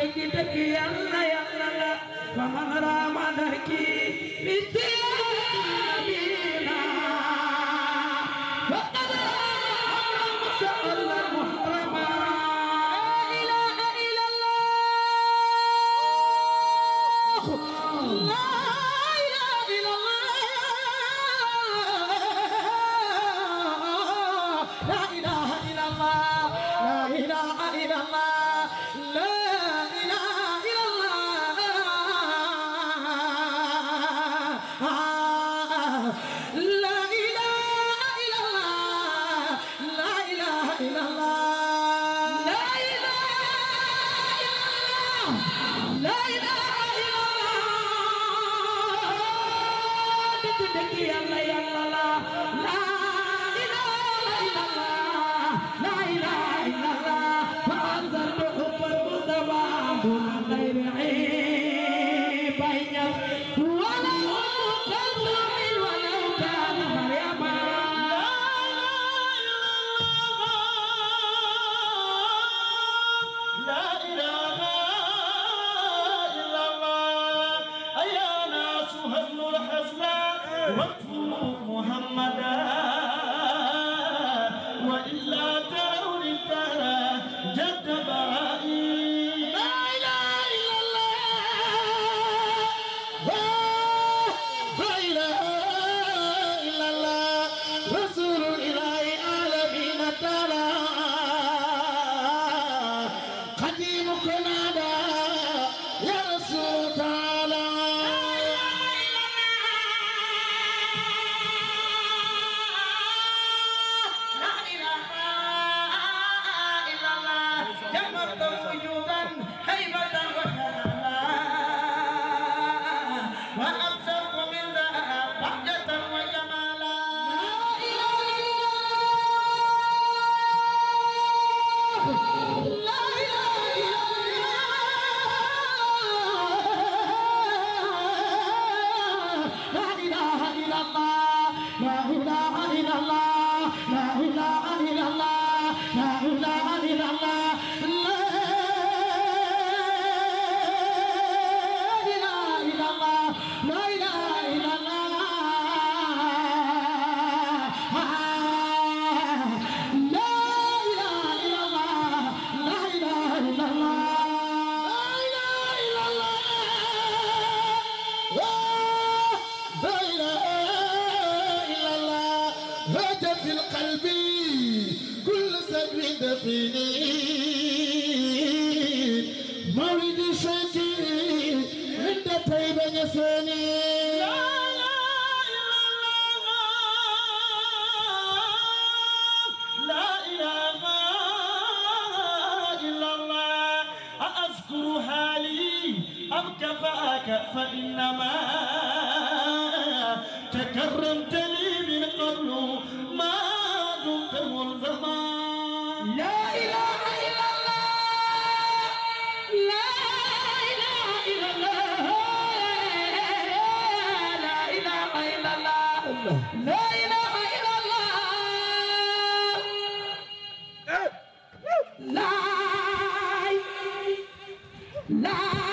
Peki peki yalla yalla Vahana Ramadaki Mithi Amen. Love.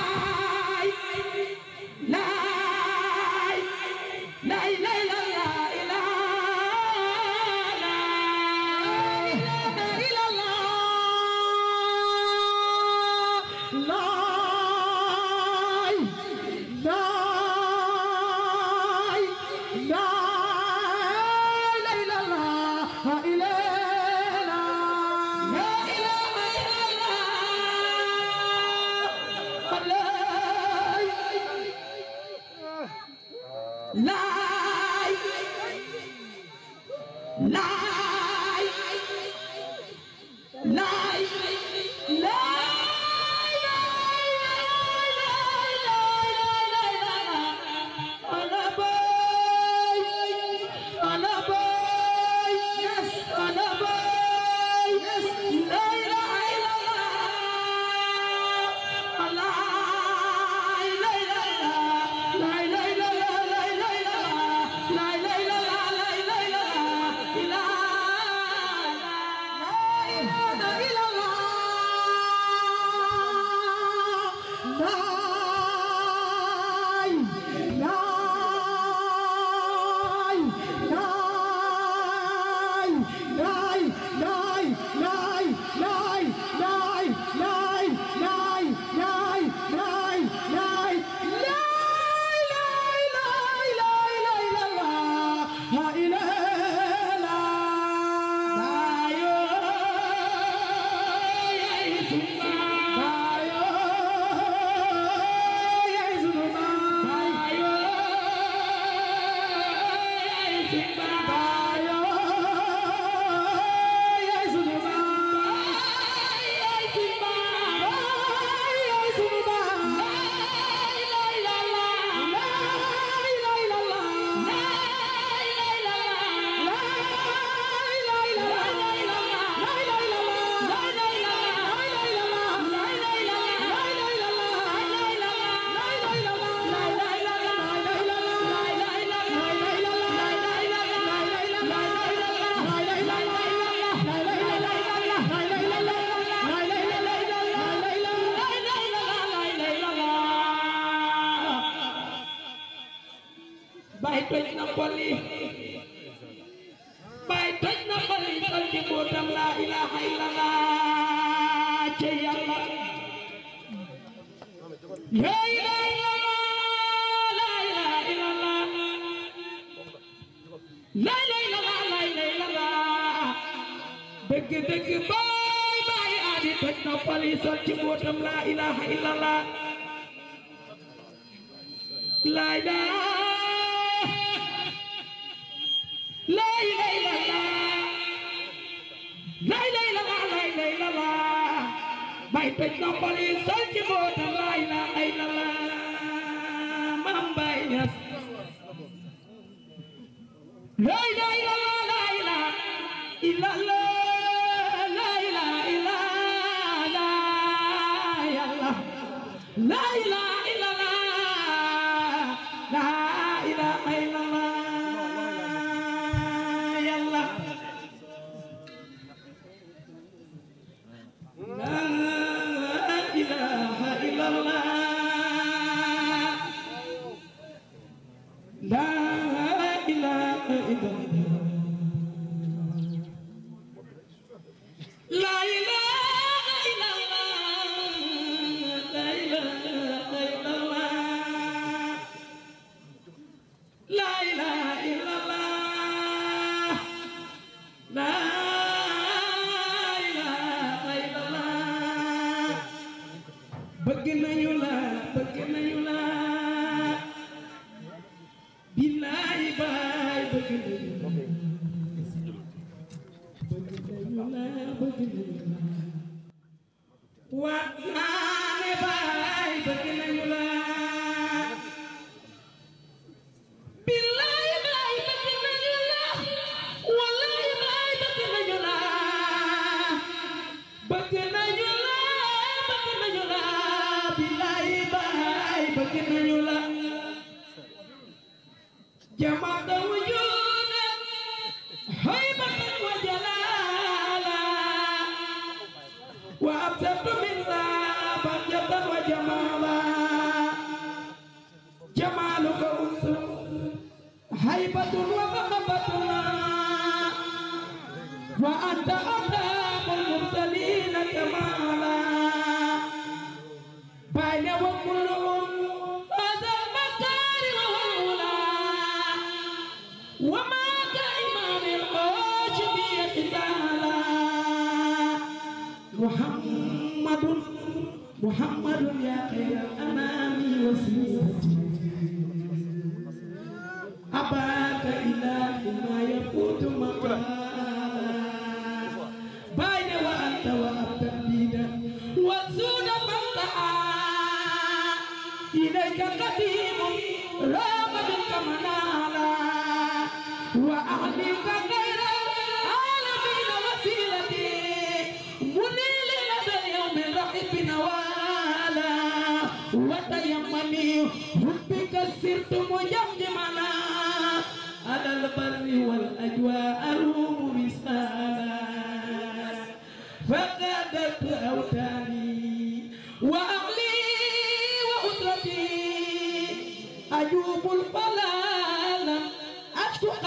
bay bay toj na xol ci mbootam la la ilaha illallah la ilaha la ilaha illallah bay bay aadi toj na xol yi toj ci mbootam la ilaha la ilaha toj noppali sol ci bootam laa ilaaha illallaah maam Baay Ñas إله إلا أنت وأنت أرحم المرسلين كمالا بين وكلهم هذا المكار الأولى وما كإمام القاج بإحسانا محمد محمد يا خير الأنام وسيلتي أباك إلهي ما يفوت مكاني जगदी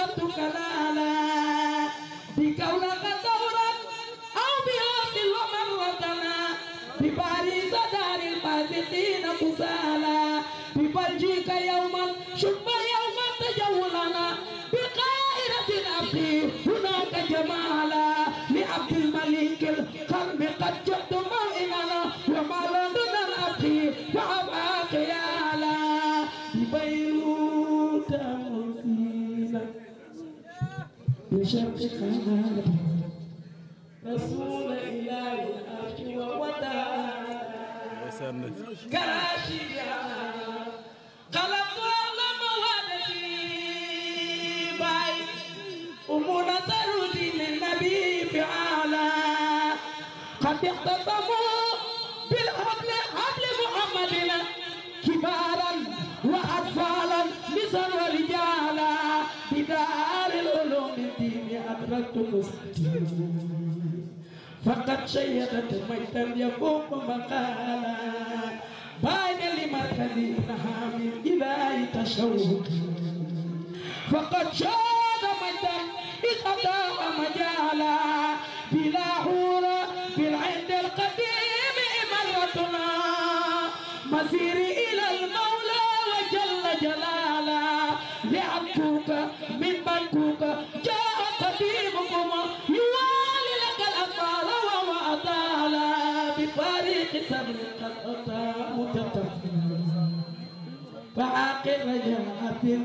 ربك لا لا بكون قد شيدت ميتا يفوق مقالا بان لمركز نهام إلهي تشوق فقد شاد ميتا إخطاء مجالا بلا حول بالعند القديم إمرتنا مسيري right now. I feel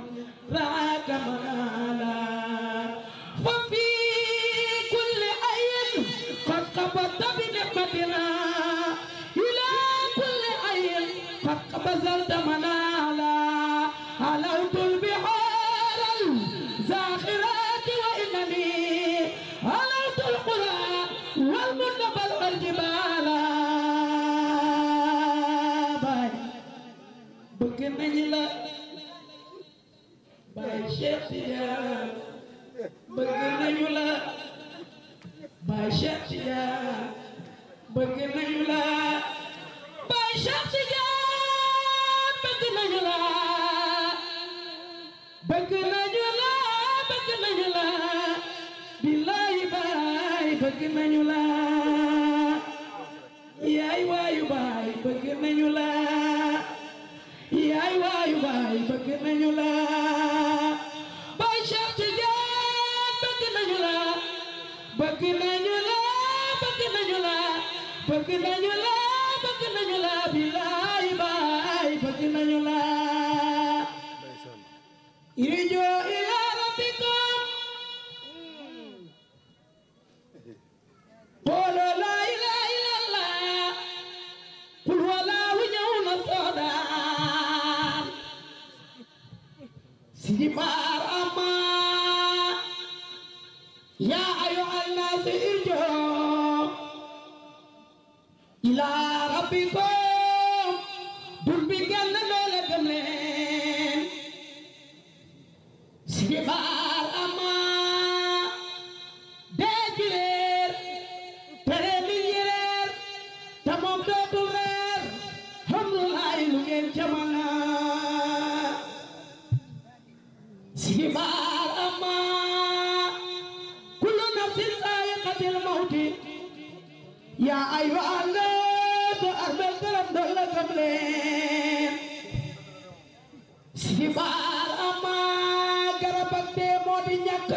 leen si baar ama garab ak dee moo di ñàkk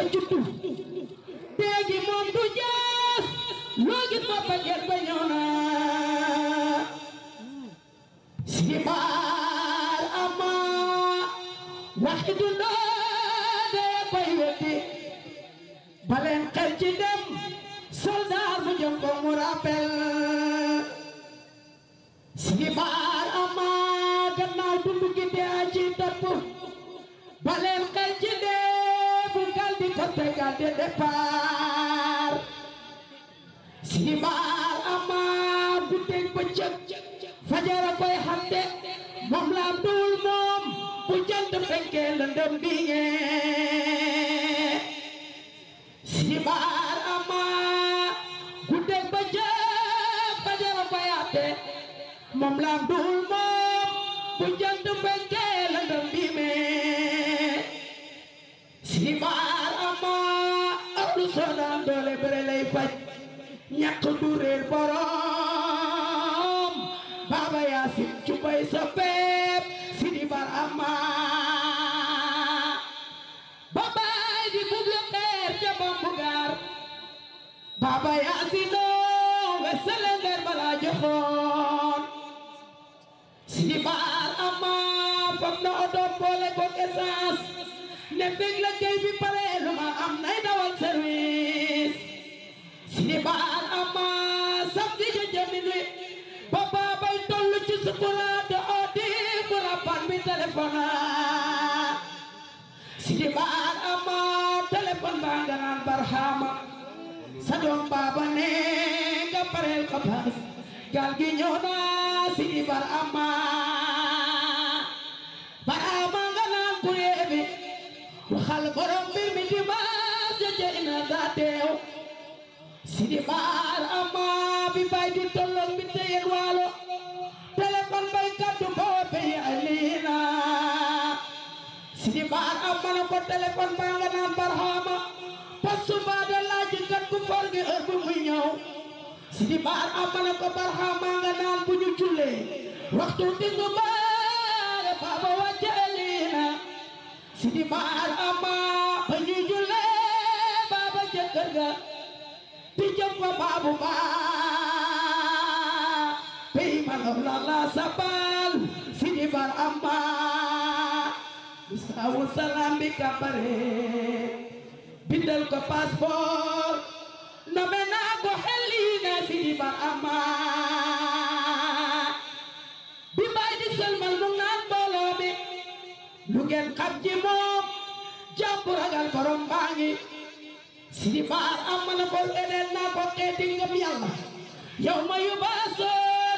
si cubay sa peep si di bar ama babay di buglo xeer ca bambugar baba yaasino we selender joxoon si di bar ama fam na odoon boole ko essence ne fekk la kay bi pare lu ma am nay dawal service si di bar ama samedi téléphone sidi baar ama telepon ba nga naan barhama sa doom baaba ne nga pareel ko paas sidi baar ama barhama nga naan ku yeebe waxal borom mbir mi di baas ja ja ina daa sidi baar ama bi bay di tol ko téléphone baa nga naan barxaama postu mbaa de laajinkat ku pergi aku minyau. bu muy ñëw sidi baar am na ko barxaama nga naan bu ñu jullee waxtu tisbaar baaba wàcceelina sidi baar ama ba ñu jullee baaba jëkkër ga ti jëm fa baabu baa pey ma la Aku salaam bi kàbbare bindal ko passeport nome naa ko xelli naa si di ama bi baay di sëlmal mu naan lu ngeen xam ci moom ragal borom si di far ama na ko leneen naa ko xeeti ngëm yàlla yow ma yu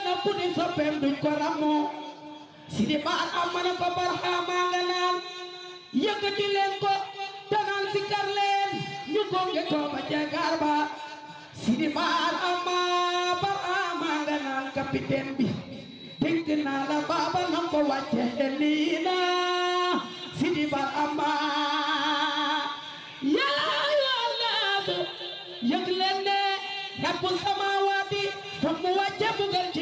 na duñ ko si di far ama na ko barxaamaa yang leen ko danaan sikkar leen ñu gonge ya ko ba jagaar ba Sidi amma ama amma nga naan capitaine bi dégg naa la baaba na ko wàcce elina Sidi Barama yaa yàllaatu yëg leen ne rabbu samawaati fa mu ci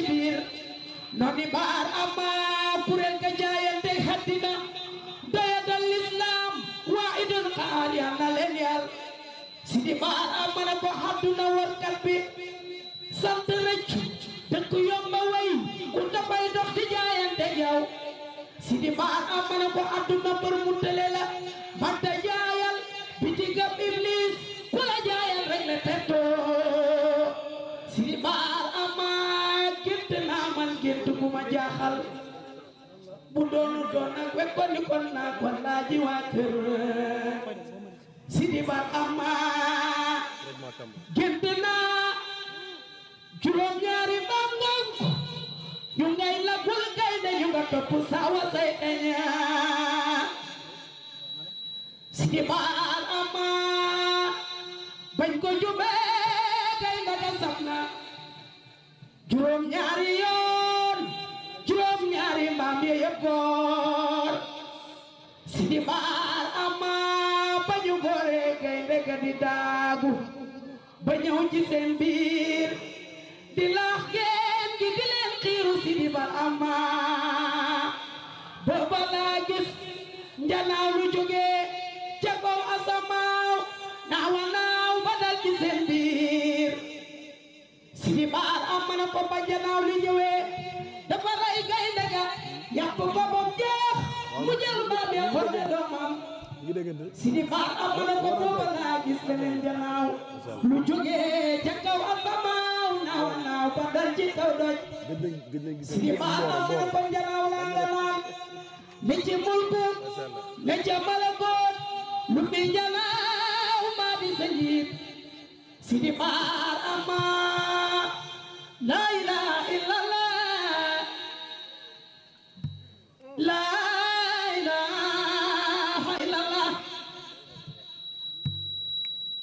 noni bar amma kuréel ga ma amana ko hadduna workal bi sant rëccu dëkk yomba way ku dafay dox di jaayante yow sidi ma amana ko adduna bër mu tële la manta jaayal biti gam iblis ku la jaayal rek la tettoo sidi ma ama gént naa man gént gu ma jaaxal bu doonu doon nag wekkoon ni kon naa ko laaji waa kër Sidi Ba Amma gént juróom-ñaari ba ngank ngay lagul gay ne ñu nga topp saawa say eña Sidi Ba Amma bañ ko jubee gay nga da juróom-ñaari yoon juróom-ñaari maam ye yëpp góor Sidi ka di daagu ba ñëw ci seen di laax geen gi di xiiru si di ba ama laa gis njanaaw lu jóge ca kaw asamaaw naawa naaw ba dal ci seen si di baar am na ko njanaaw li ñëwee si di faat am na ko toogal naa gis beneen janaaw lu jógee ca kaw asamaaw naaw naaw ba dal ci kaw doj si di faat am na ko janaaw la naan mi ci mulkut mi ci malakoot lu fi janaaw maa di sa si di faat am laa ilaaha illa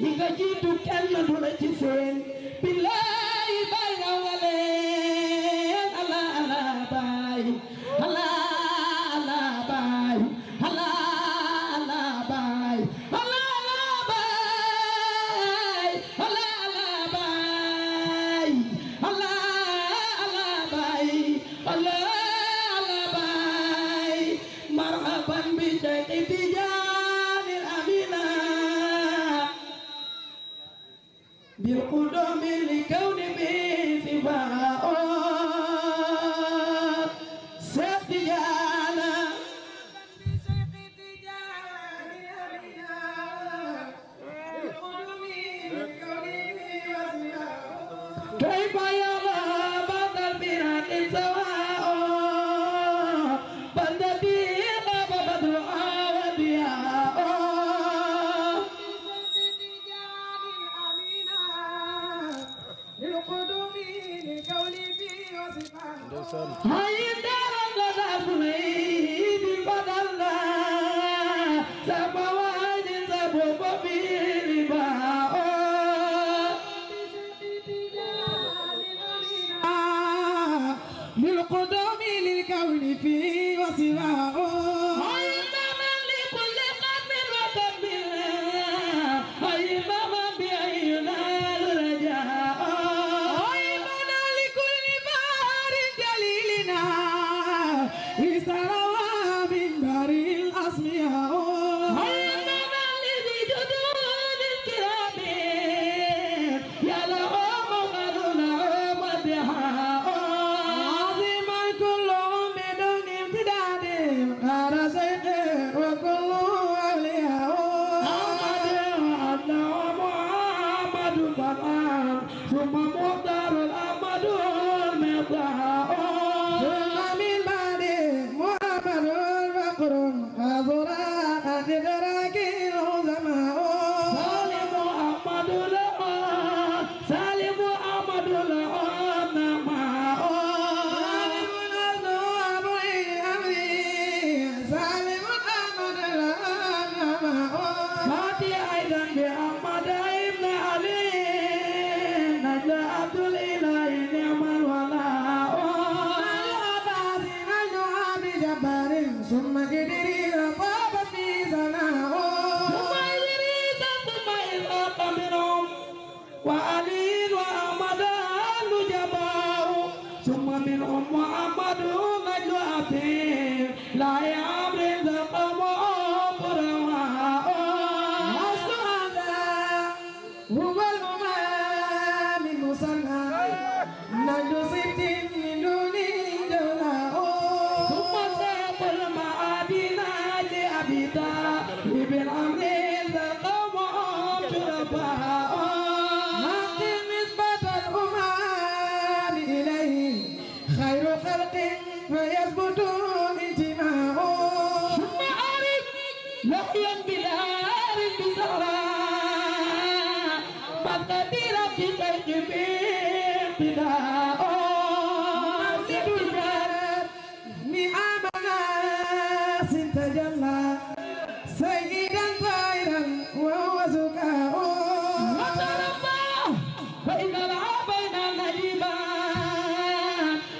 ni nga jiitu kenn du la it seen bilaa I kawuni fi wasiwa o. Oh.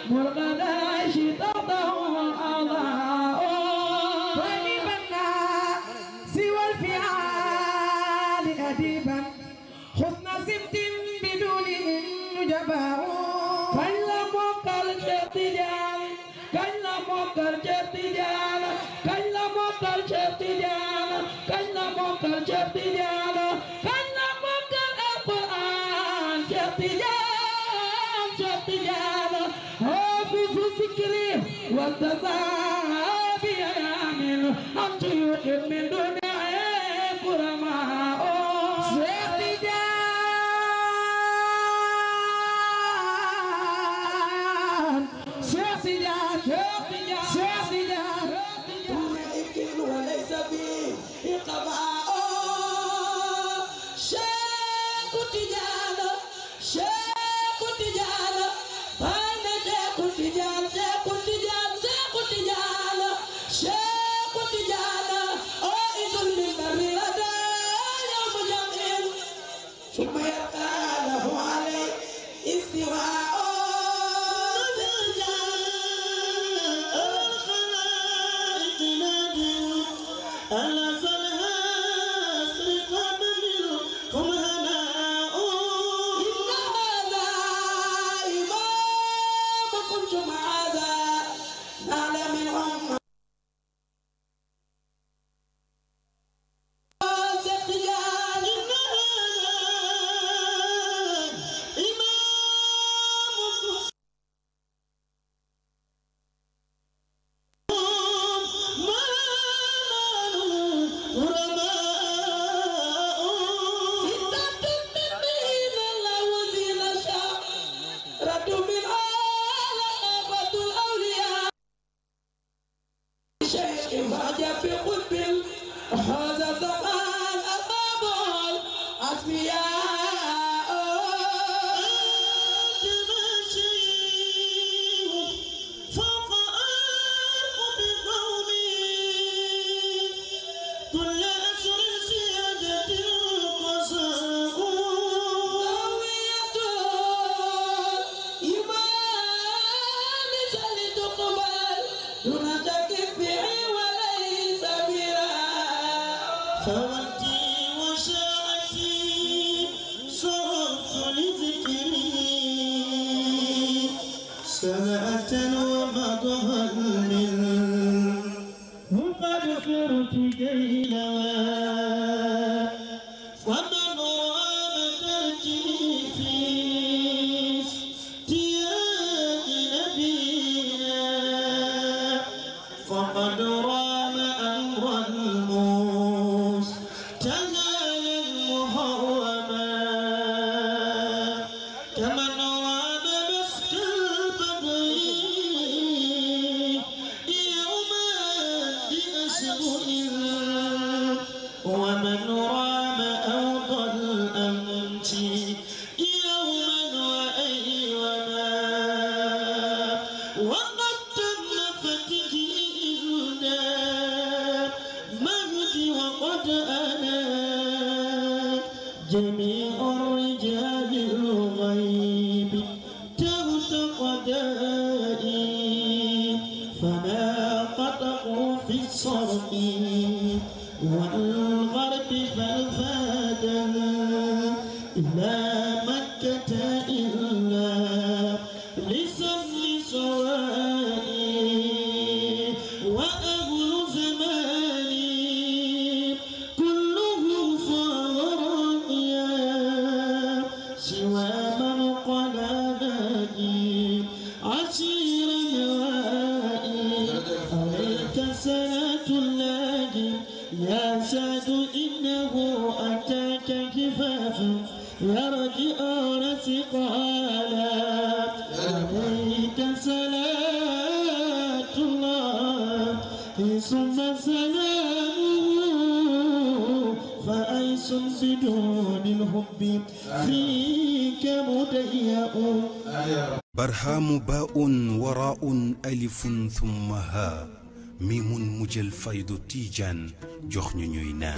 What about that? في الصرب والغرب فالفاتح باء وراء ألف ثم ها ميم مجل فيض تيجان جخن نيوي